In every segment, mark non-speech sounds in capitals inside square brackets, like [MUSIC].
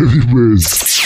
Anyways.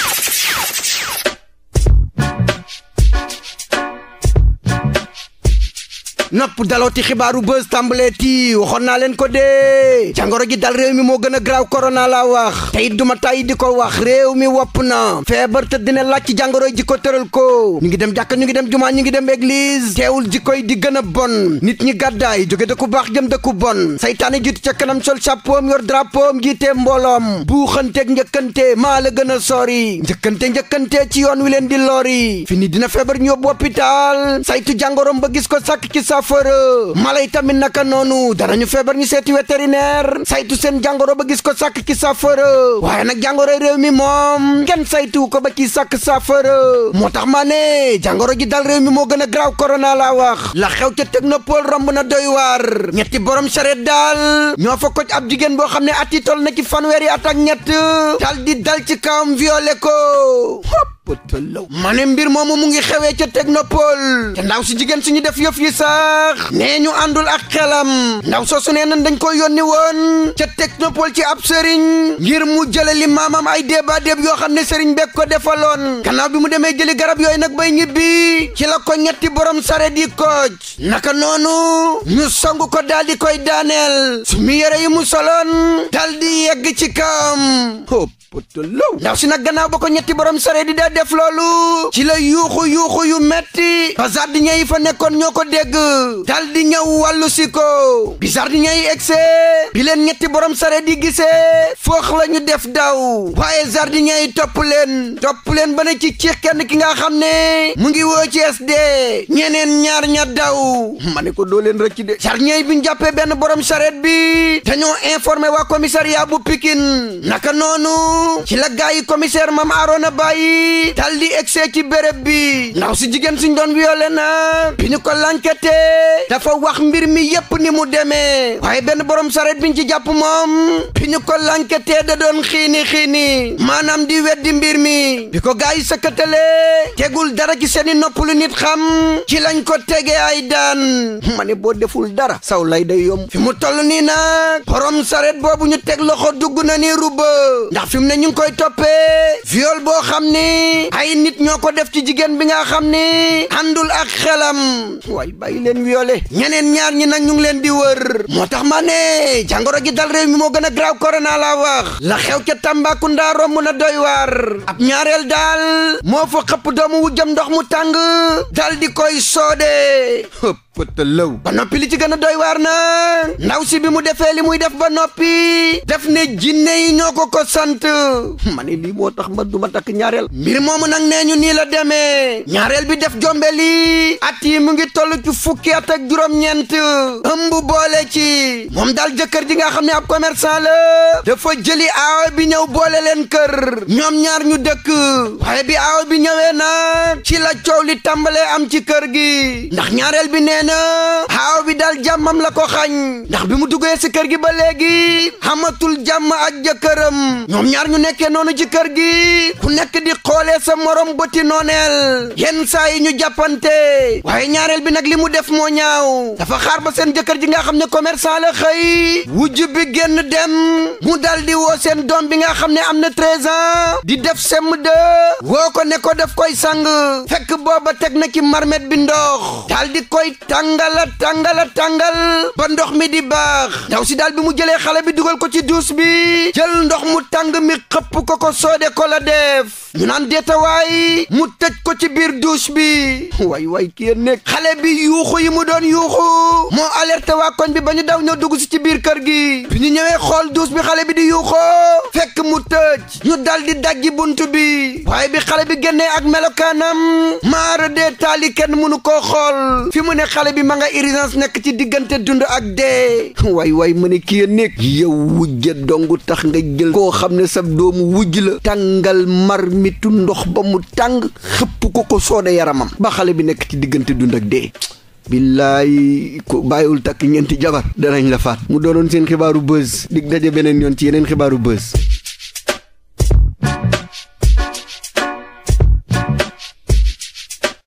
nopp dalooti xibaaru buzz tàmbaleeti waxoon naa leen ko dee jàngoro ji dal réew mi moo gën a graaw korona laa wax tey ma tàyyi di ko wax réew mi wopp na feebar te dina laaj ci jàngoro ji ko tëral ko ñu ngi dem jàkka ñu ngi dem jumaa ñu ngi dem église teewul ji koy di gën a bon nit ñi gàddaay jóge ku baax jëm dëkku bon saytaane jiitu ca kanam sol chapeau yor drapeau jiitee mbooloom buuxanteeg njëkkante maa la gën a sori njëkkante njëkkante ci yoon wi leen di lori dina feebar ñu yóbbu hôpital saytu jàngoroom ba gis ko sàkk saafara mala yi tamit naka noonu ñu feebar ñi seeti vétérinaire saytu seen jàngoro ba gis ko sàkk ki saafara waaye nag jàngoro réew mi moom kenn saytu ko ba ci sàkk saafara moo tax maa ne jàngoro ji dal réew mi moo gën a graaw corona la wax la xew ca technopole romb na doy waar ñetti borom charrette daal ñoo fa ci ab jigéen boo xam ne at toll na ci fanweeri at ak ñett dal di dal ci kawam violé ko pëtalaw ma mbir moomu mu ngi xewee ca technopole te ndaw si jigéen suñu def yëf yi sax nee ñu àndul ak xelam ndaw soosu nee nan dañ ko yónni woon ca technopole ci ab sëriñ ngir mu jële li maamam ay débat déeb yoo xam ne sëriñ bekk ko defaloon gannaaw bi mu demee jëli garab yooyu nag bay ñibbi ci la ko ñetti borom saret yi kooj naka noonu ñu song ko daal di koy daaneel su mu yére yi mu soloon dal di yegg ci kawam potalaw law si nag gannaaw ba ko ñetti borom sare di daa def loolu ci la yuuxu yuuxu yu metti ba jardinier yi fa nekkoon ñoo ko dégg dal di ñëw wàllu si ko bi jardinier yi egsee bi leen ñetti borom sare di gisee foox la ñu def daw waaye jardinier yi topp leen topp leen ba ne ci ciix kenn ki nga xam ne mu ngi woo ci sd ñeneen ñaar ña daw ma ne ko doo leen rëcc de jardinier yi bi ñu jàppee benn borom saret bi dañoo informé wa commissariat bu Pikine naka noonu ci la gaa yi commissaire mam Arona Baye dal di egsee ci béréb bi ndaw si jigéen suñ doon violé na bi ko lankete dafa wax mbir mi yépp ni mu demee waaye benn borom saret biñ ci jàpp moom bi ñu ko lankete da doon xiini xiini maanaam di weddi mbir mi bi ko gaa yi sëkkatale tegul dara ci seeni nopp nit xam ci lañ ko tegee ay daan ma ne boo deful dara saw lay day yomb fi mu toll nii nag borom saret boobu ñu teg loxo dugg na ni ruba ndax fi mu ne ñu ngi koy toppee viol boo xam ni ay nit ñoo ko def ci jigéen bi nga xam ni àndul ak xelam waaye bay leen violé ñeneen ñaar ñi nag ñu ngi leen di wër moo tax ma ne jàngoro ji dal réew mi moo gën a graaw corona laa wax la xew ca Tambacounda romb na doy waar ab ñaareel daal moo fa xëpp doomu wu jëm ndox mu tàng dal di koy soode pëtëlëw ba noppi li ci gën a doy waar na ndaw si bi mu defee li muy def ba noppi def ne jinne yi ñoo ko ko sant [LAUGHS] ma ne lii moo tax ma du ma takk ñaareel mbir moomu nag nee ñu nii la demee ñaareel bi def jombe li at yi mu ngi toll ci fukki at ak juróom-ñeent ëmb boole ci moom dal jëkkër ji nga xam ne ab commerçant la dafa jëli aaw bi ñëw boole leen kër ñoom ñaar ñu dëkk waaye bi aaw bi ñëwee nag ci la coow li tàmbalee am ci kër gi ndax ñaareel bi nee a xaaw bi daal jàmmam la ko xañ ndax bi mu duggee si kër gi ba léegi xamatul jàmm ak jëkkëram ñoom ñaar ñu nekkee noonu ci kër gi ku nekk di xoolee sa morom bëti nooneel yenn saa yi ñu jàppante waaye ñaareel bi nag li mu def moo ñaaw dafa xaar ba seen jëkkër ji nga xam ne commerçant la xëy wujj bi génn dem mu dal di seen doom bi nga xam ne am na treize ans di def semm de woo ko ne ko daf koy sang fekk booba teg na ci marmet bi ndox dal koy ta tàngala tàngala tàngal ba ndox mi di baax ndaw si daal bi mu jëlee xale bi dugal ko ci duus bi jël ndox mu tàng mi xëpp ko ko soode ko la def ñu naan deetawaay mu tëj ko ci biir douche bi way way kii nekk xale bi yuuxu yi mu doon yuuxu moo alerté waa koñ bi ba ñu daw ñëw dugg si ci biir kër gi bi ñu ñëwee xool douche bi xale bi di yuuxoo fekk tëj yu dal di dajji bunt bi waaye bi xale bi génnee ak melokaanam maara dee taali kenn mënu ko xool fi mu ne xale bi ma nga urgence nekk ci diggante dund ak dee [LAUGHS] way way ma ne kii a nekk yow wujje dong tax nga jël koo xam ne sa doomu wujj la mar mitu ndox ba mu tàng xëpp ko ko soode yaramam ba xale bi nekk ci diggante dund ak dee billaay ko bàyyiwul takk ñeenti jabar danañ la faat mu doonoon seen xibaaru buzz dig daje beneen yoon ci yeneen xibaaru buzz